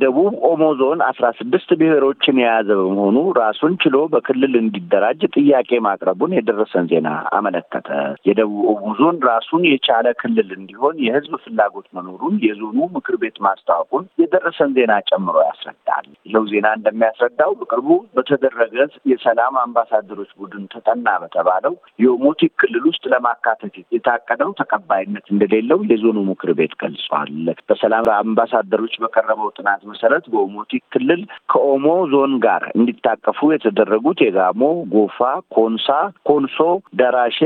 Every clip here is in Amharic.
የደቡብ ኦሞ ዞን አስራ ስድስት ብሔሮችን የያዘ በመሆኑ ራሱን ችሎ በክልል እንዲደራጅ ጥያቄ ማቅረቡን የደረሰን ዜና አመለከተ። የደቡብ ኦሞ ዞን ራሱን የቻለ ክልል እንዲሆን የህዝብ ፍላጎት መኖሩን የዞኑ ምክር ቤት ማስታወቁን የደረሰን ዜና ጨምሮ ያስረዳል። ይኸው ዜና እንደሚያስረዳው በቅርቡ በተደረገ የሰላም አምባሳደሮች ቡድን ተጠና በተባለው የኦሞቲክ ክልል ውስጥ ለማካተት የታቀደው ተቀባይነት እንደሌለው የዞኑ ምክር ቤት ገልጿል። በሰላም አምባሳደሮች በቀረበው ጥናት መሰረት በኦሞቲ ክልል ከኦሞ ዞን ጋር እንዲታቀፉ የተደረጉት የጋሞ፣ ጎፋ፣ ኮንሳ፣ ኮንሶ፣ ደራሼ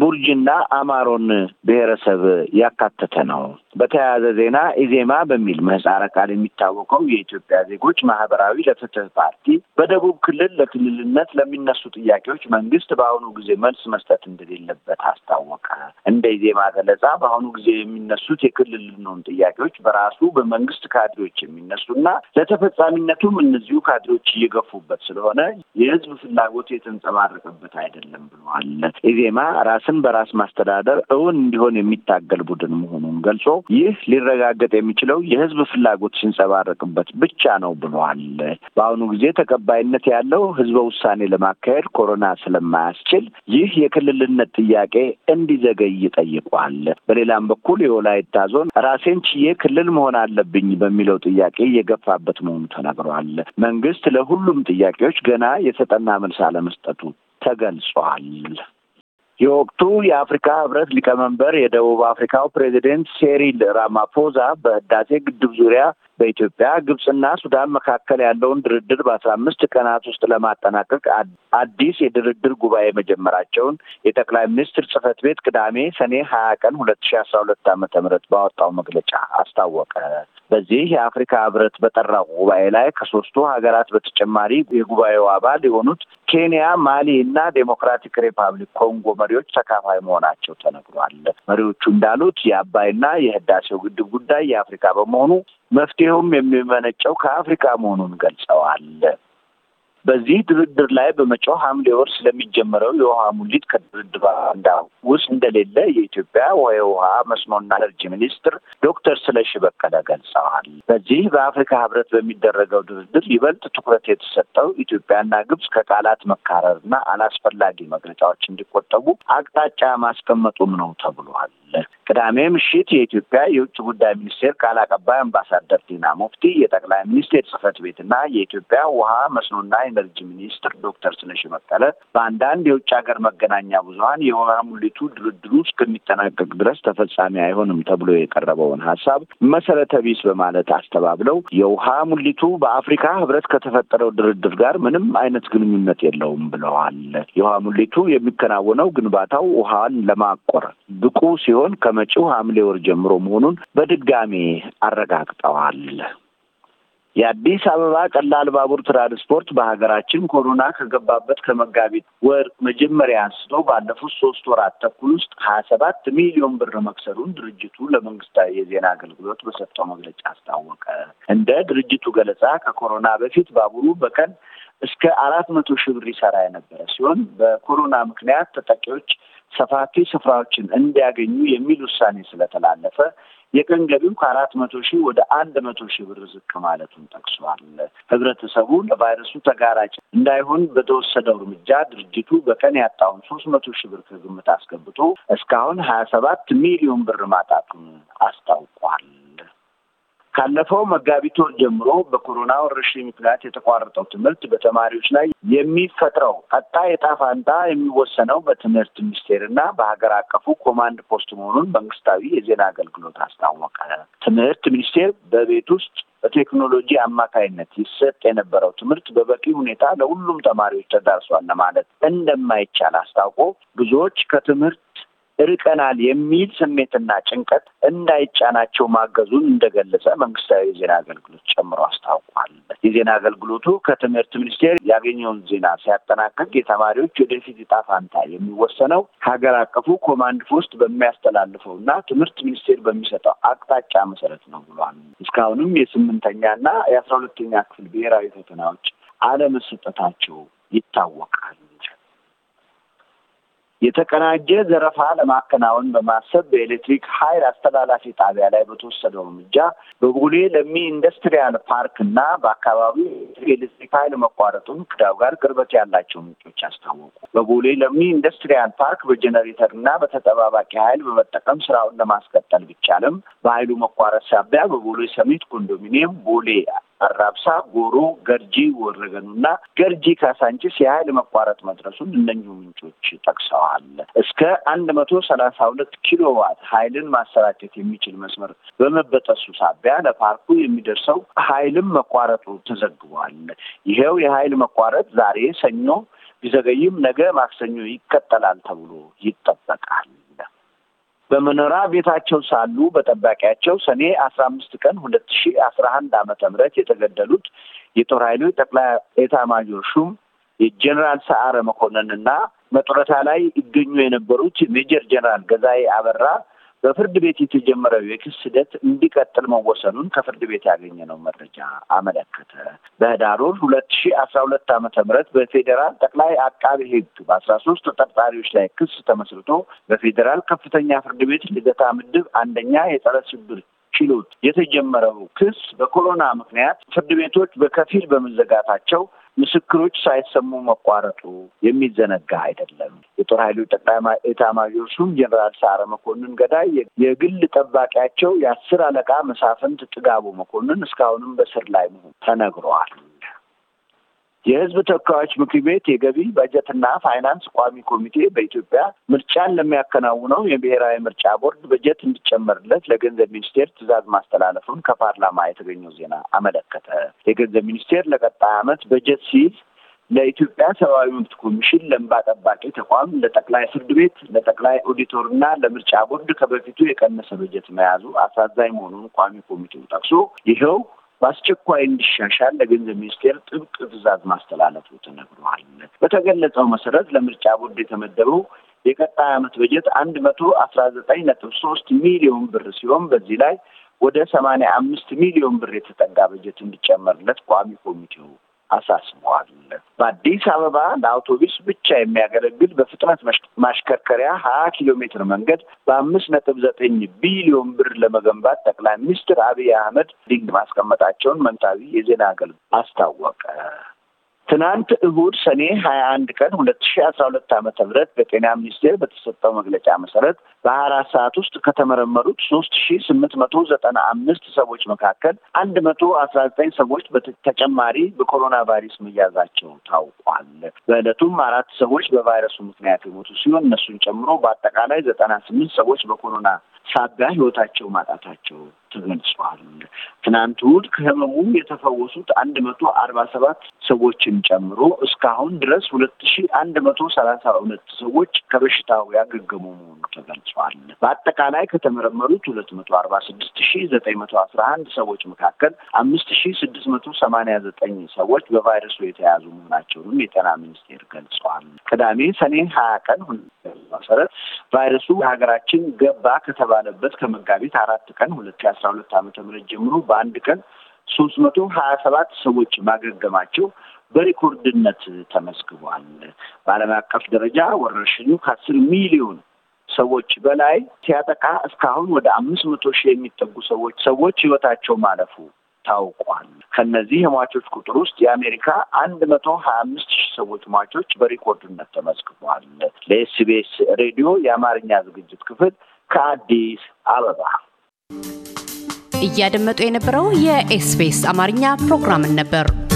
ቡርጅና አማሮን ብሔረሰብ ያካተተ ነው። በተያያዘ ዜና ኢዜማ በሚል ምህጻረ ቃል የሚታወቀው የኢትዮጵያ ዜጎች ማህበራዊ ለፍትህ ፓርቲ በደቡብ ክልል ለክልልነት ለሚነሱ ጥያቄዎች መንግስት በአሁኑ ጊዜ መልስ መስጠት እንደሌለበት አስታወቀ። እንደ ኢዜማ ገለጻ በአሁኑ ጊዜ የሚነሱት የክልልነውን ጥያቄዎች በራሱ በመንግስት ካድሬዎች የሚነሱና ለተፈጻሚነቱም እነዚሁ ካድሬዎች እየገፉበት ስለሆነ የህዝብ ፍላጎት የተንጸባረቀበት አይደለም ብለዋል። ኢዜማ ራስን በራስ ማስተዳደር እውን እንዲሆን የሚታገል ቡድን መሆኑን ገልጾ ይህ ሊረጋገጥ የሚችለው የህዝብ ፍላጎት ሲንጸባረቅበት ብቻ ነው ብለዋል። በአሁኑ ጊዜ ተቀባይነት ያለው ህዝበ ውሳኔ ለማካሄድ ኮሮና ስለማያስችል ይህ የክልልነት ጥያቄ እንዲዘገይ ጠይቋል። በሌላም በኩል የወላይታ ዞን ራሴን ችዬ ክልል መሆን አለብኝ በሚለው ጥያቄ የገፋበት መሆኑ ተነግሯል። መንግስት ለሁሉም ጥያቄዎች ገና የተጠና መልስ አለመስጠቱ ተገልጿል። የወቅቱ የአፍሪካ ህብረት ሊቀመንበር የደቡብ አፍሪካው ፕሬዚደንት ሴሪል ራማፎዛ በህዳሴ ግድብ ዙሪያ በኢትዮጵያ ግብፅና ሱዳን መካከል ያለውን ድርድር በአስራ አምስት ቀናት ውስጥ ለማጠናቀቅ አዲስ የድርድር ጉባኤ መጀመራቸውን የጠቅላይ ሚኒስትር ጽህፈት ቤት ቅዳሜ ሰኔ ሀያ ቀን ሁለት ሺ አስራ ሁለት ዓመተ ምህረት ባወጣው መግለጫ አስታወቀ። በዚህ የአፍሪካ ህብረት በጠራው ጉባኤ ላይ ከሶስቱ ሀገራት በተጨማሪ የጉባኤው አባል የሆኑት ኬንያ፣ ማሊ እና ዴሞክራቲክ ሪፐብሊክ ኮንጎ መሪዎች ተካፋይ መሆናቸው ተነግሯል። መሪዎቹ እንዳሉት የአባይና የህዳሴው ግድብ ጉዳይ የአፍሪካ በመሆኑ መፍትሄውም የሚመነጨው ከአፍሪካ መሆኑን ገልጸዋል። በዚህ ድርድር ላይ በመጪው ሐምሌ ወር ስለሚጀመረው የውሃ ሙሊት ከድርድር ውስጥ እንደሌለ የኢትዮጵያ የውሃ መስኖና ኤነርጂ ሚኒስትር ዶክተር ስለሺ በቀለ ገልጸዋል። በዚህ በአፍሪካ ህብረት በሚደረገው ድርድር ይበልጥ ትኩረት የተሰጠው ኢትዮጵያና ግብጽ ከቃላት መካረርና አላስፈላጊ መግለጫዎች እንዲቆጠቡ አቅጣጫ ማስቀመጡም ነው ተብሏል። ቅዳሜ ምሽት የኢትዮጵያ የውጭ ጉዳይ ሚኒስቴር ቃል አቀባይ አምባሳደር ዲና ሙፍቲ፣ የጠቅላይ ሚኒስቴር ጽህፈት ቤትና የኢትዮጵያ ውሃ መስኖና ኤነርጂ ሚኒስትር ዶክተር ስለሺ በቀለ በአንዳንድ የውጭ ሀገር መገናኛ ብዙሀን የውሃ ሙሊቱ ድርድሩ እስከሚጠናቀቅ ድረስ ተፈጻሚ አይሆንም ተብሎ የቀረበውን ሀሳብ መሰረተ ቢስ በማለት አስተባብለው የውሃ ሙሊቱ በአፍሪካ ህብረት ከተፈጠረው ድርድር ጋር ምንም አይነት ግንኙነት የለውም ብለዋል። የውሃ ሙሊቱ የሚከናወነው ግንባታው ውሃን ለማቆር ብቁ ሲሆን ከመ ከመጪው ሐምሌ ወር ጀምሮ መሆኑን በድጋሚ አረጋግጠዋል። የአዲስ አበባ ቀላል ባቡር ትራንስፖርት በሀገራችን ኮሮና ከገባበት ከመጋቢት ወር መጀመሪያ አንስቶ ባለፉት ሶስት ወራት ተኩል ውስጥ ሀያ ሰባት ሚሊዮን ብር መክሰሉን ድርጅቱ ለመንግስታዊ የዜና አገልግሎት በሰጠው መግለጫ አስታወቀ። እንደ ድርጅቱ ገለጻ ከኮሮና በፊት ባቡሩ በቀን እስከ አራት መቶ ሺህ ብር ይሰራ የነበረ ሲሆን በኮሮና ምክንያት ተጠቂዎች ሰፋፊ ስፍራዎችን እንዲያገኙ የሚል ውሳኔ ስለተላለፈ የቀን ገቢው ከአራት መቶ ሺህ ወደ አንድ መቶ ሺህ ብር ዝቅ ማለቱን ጠቅሷል። ህብረተሰቡ ለቫይረሱ ተጋራጭ እንዳይሆን በተወሰደው እርምጃ ድርጅቱ በቀን ያጣውን ሶስት መቶ ሺህ ብር ከግምት አስገብቶ እስካሁን ሀያ ሰባት ሚሊዮን ብር ማጣቱን አስታውቋል። ካለፈው መጋቢት ወር ጀምሮ በኮሮና ወረርሽኝ ምክንያት የተቋረጠው ትምህርት በተማሪዎች ላይ የሚፈጥረው ቀጣ የጣፋንጣ ፈንታ የሚወሰነው በትምህርት ሚኒስቴር እና በሀገር አቀፉ ኮማንድ ፖስት መሆኑን መንግስታዊ የዜና አገልግሎት አስታወቀ። ትምህርት ሚኒስቴር በቤት ውስጥ በቴክኖሎጂ አማካይነት ይሰጥ የነበረው ትምህርት በበቂ ሁኔታ ለሁሉም ተማሪዎች ተዳርሷል ለማለት እንደማይቻል አስታውቆ ብዙዎች ከትምህርት ርቀናል የሚል ስሜትና ጭንቀት እንዳይጫናቸው ማገዙን እንደገለጸ መንግስታዊ የዜና አገልግሎት ጨምሮ አስታውቋል። የዜና አገልግሎቱ ከትምህርት ሚኒስቴር ያገኘውን ዜና ሲያጠናቅቅ የተማሪዎች ወደፊት ዕጣ ፈንታ የሚወሰነው ሀገር አቀፉ ኮማንድ ፖስት በሚያስተላልፈው እና ትምህርት ሚኒስቴር በሚሰጠው አቅጣጫ መሰረት ነው ብሏል። እስካሁንም የስምንተኛና የአስራ ሁለተኛ ክፍል ብሔራዊ ፈተናዎች አለመሰጠታቸው ይታወቃል። የተቀናጀ ዘረፋ ለማከናወን በማሰብ በኤሌክትሪክ ኃይል አስተላላፊ ጣቢያ ላይ በተወሰደው እርምጃ በቦሌ ለሚ ኢንዱስትሪያል ፓርክ እና በአካባቢው የኤሌክትሪክ ኃይል መቋረጡን ክዳው ጋር ቅርበት ያላቸው ምንጮች አስታወቁ። በቦሌ ለሚ ኢንዱስትሪያል ፓርክ በጀነሬተር እና በተጠባባቂ ኃይል በመጠቀም ስራውን ለማስቀጠል ቢቻልም በኃይሉ መቋረጥ ሳቢያ በቦሌ ሰሚት ኮንዶሚኒየም ቦሌ አራብሳ፣ ጎሮ፣ ገርጂ ወረገኑ እና ገርጂ ካሳንቺስ የኃይል መቋረጥ መድረሱን እነኙ ምንጮች ጠቅሰዋል። እስከ አንድ መቶ ሰላሳ ሁለት ኪሎ ዋት ኃይልን ማሰራጨት የሚችል መስመር በመበጠሱ ሳቢያ ለፓርኩ የሚደርሰው ኃይልም መቋረጡ ተዘግቧል። ይኸው የኃይል መቋረጥ ዛሬ ሰኞ ቢዘገይም ነገ ማክሰኞ ይቀጠላል ተብሎ ይጠበቃል። በመኖሪያ ቤታቸው ሳሉ በጠባቂያቸው ሰኔ አስራ አምስት ቀን ሁለት ሺ አስራ አንድ አመተ ምህረት የተገደሉት የጦር ኃይሉ ጠቅላይ ኤታ ማጆር ሹም የጀኔራል ሰዓረ መኮንን እና መጡረታ ላይ ይገኙ የነበሩት ሜጀር ጀኔራል ገዛኢ አበራ በፍርድ ቤት የተጀመረው የክስ ሂደት እንዲቀጥል መወሰኑን ከፍርድ ቤት ያገኘነው መረጃ አመለከተ። በህዳር ወር ሁለት ሺ አስራ ሁለት ዓመተ ምህረት በፌዴራል ጠቅላይ አቃቢ ህግ በአስራ ሶስት ተጠርጣሪዎች ላይ ክስ ተመስርቶ በፌዴራል ከፍተኛ ፍርድ ቤት ልደታ ምድብ አንደኛ የጸረ ሽብር ችሎት የተጀመረው ክስ በኮሮና ምክንያት ፍርድ ቤቶች በከፊል በመዘጋታቸው ምስክሮች ሳይሰሙ መቋረጡ የሚዘነጋ አይደለም። የጦር ኃይሉ ጠቅላይ ኤታማዦር ሹም ጀኔራል ሳረ መኮንን ገዳይ የግል ጠባቂያቸው የአስር አለቃ መሳፍንት ጥጋቡ መኮንን እስካሁንም በስር ላይ መሆኑ ተነግረዋል። የህዝብ ተወካዮች ምክር ቤት የገቢ በጀትና ፋይናንስ ቋሚ ኮሚቴ በኢትዮጵያ ምርጫን ለሚያከናውነው የብሔራዊ ምርጫ ቦርድ በጀት እንዲጨመርለት ለገንዘብ ሚኒስቴር ትዕዛዝ ማስተላለፉን ከፓርላማ የተገኘው ዜና አመለከተ። የገንዘብ ሚኒስቴር ለቀጣይ ዓመት በጀት ሲይዝ ለኢትዮጵያ ሰብአዊ መብት ኮሚሽን፣ ለእንባ ጠባቂ ተቋም፣ ለጠቅላይ ፍርድ ቤት፣ ለጠቅላይ ኦዲተርና ለምርጫ ቦርድ ከበፊቱ የቀነሰ በጀት መያዙ አሳዛኝ መሆኑን ቋሚ ኮሚቴው ጠቅሶ ይኸው በአስቸኳይ እንዲሻሻል ለገንዘብ ሚኒስቴር ጥብቅ ትዕዛዝ ማስተላለፉ ተነግሯል። በተገለጸው መሰረት ለምርጫ ቦርድ የተመደበው የቀጣይ ዓመት በጀት አንድ መቶ አስራ ዘጠኝ ነጥብ ሶስት ሚሊዮን ብር ሲሆን በዚህ ላይ ወደ ሰማንያ አምስት ሚሊዮን ብር የተጠጋ በጀት እንዲጨመርለት ቋሚ ኮሚቴው አሳስበዋል። በአዲስ አበባ ለአውቶቡስ ብቻ የሚያገለግል በፍጥነት ማሽከርከሪያ ሀያ ኪሎ ሜትር መንገድ በአምስት ነጥብ ዘጠኝ ቢሊዮን ብር ለመገንባት ጠቅላይ ሚኒስትር አብይ አህመድ ድንግ ማስቀመጣቸውን መንታዊ የዜና አገልግሎት አስታወቀ። ትናንት እሁድ ሰኔ ሀያ አንድ ቀን ሁለት ሺ አስራ ሁለት ዓመተ ምህረት በጤና ሚኒስቴር በተሰጠው መግለጫ መሰረት በሀያ አራት ሰዓት ውስጥ ከተመረመሩት ሶስት ሺ ስምንት መቶ ዘጠና አምስት ሰዎች መካከል አንድ መቶ አስራ ዘጠኝ ሰዎች በተጨማሪ በኮሮና ቫይረስ መያዛቸው ታውቋል። በዕለቱም አራት ሰዎች በቫይረሱ ምክንያት የሞቱ ሲሆን እነሱን ጨምሮ በአጠቃላይ ዘጠና ስምንት ሰዎች በኮሮና ሳቢያ ህይወታቸው ማጣታቸው ተገልጿል። ትናንት እሑድ ከህመሙ የተፈወሱት አንድ መቶ አርባ ሰባት ሰዎችን ጨምሮ እስካሁን ድረስ ሁለት ሺ አንድ መቶ ሰላሳ ሁለት ሰዎች ከበሽታው ያገገሙ መሆኑ ተገልጿል። በአጠቃላይ ከተመረመሩት ሁለት መቶ አርባ ስድስት ሺ ዘጠኝ መቶ አስራ አንድ ሰዎች መካከል አምስት ሺ ስድስት መቶ ሰማኒያ ዘጠኝ ሰዎች በቫይረሱ የተያዙ መሆናቸውንም የጤና ሚኒስቴር ገልጿል። ቅዳሜ ሰኔ ሀያ ቀን መሰረት ቫይረሱ ሀገራችን ገባ ከተባለበት ከመጋቢት አራት ቀን ሁለት ሺ አስራ ሁለት ዓመተ ምህረት ጀምሮ በአንድ ቀን ሶስት መቶ ሀያ ሰባት ሰዎች ማገገማቸው በሪኮርድነት ተመዝግቧል። በዓለም አቀፍ ደረጃ ወረርሽኙ ከአስር ሚሊዮን ሰዎች በላይ ሲያጠቃ እስካሁን ወደ አምስት መቶ ሺህ የሚጠጉ ሰዎች ሰዎች ህይወታቸው ማለፉ ታውቋል። ከነዚህ የሟቾች ቁጥር ውስጥ የአሜሪካ አንድ መቶ ሀያ አምስት ሺህ ሰዎች ሟቾች በሪኮርድነት ተመዝግቧል። ለኤስቢኤስ ሬዲዮ የአማርኛ ዝግጅት ክፍል ከአዲስ አበባ እያደመጡ የነበረው የኤስቢኤስ አማርኛ ፕሮግራምን ነበር።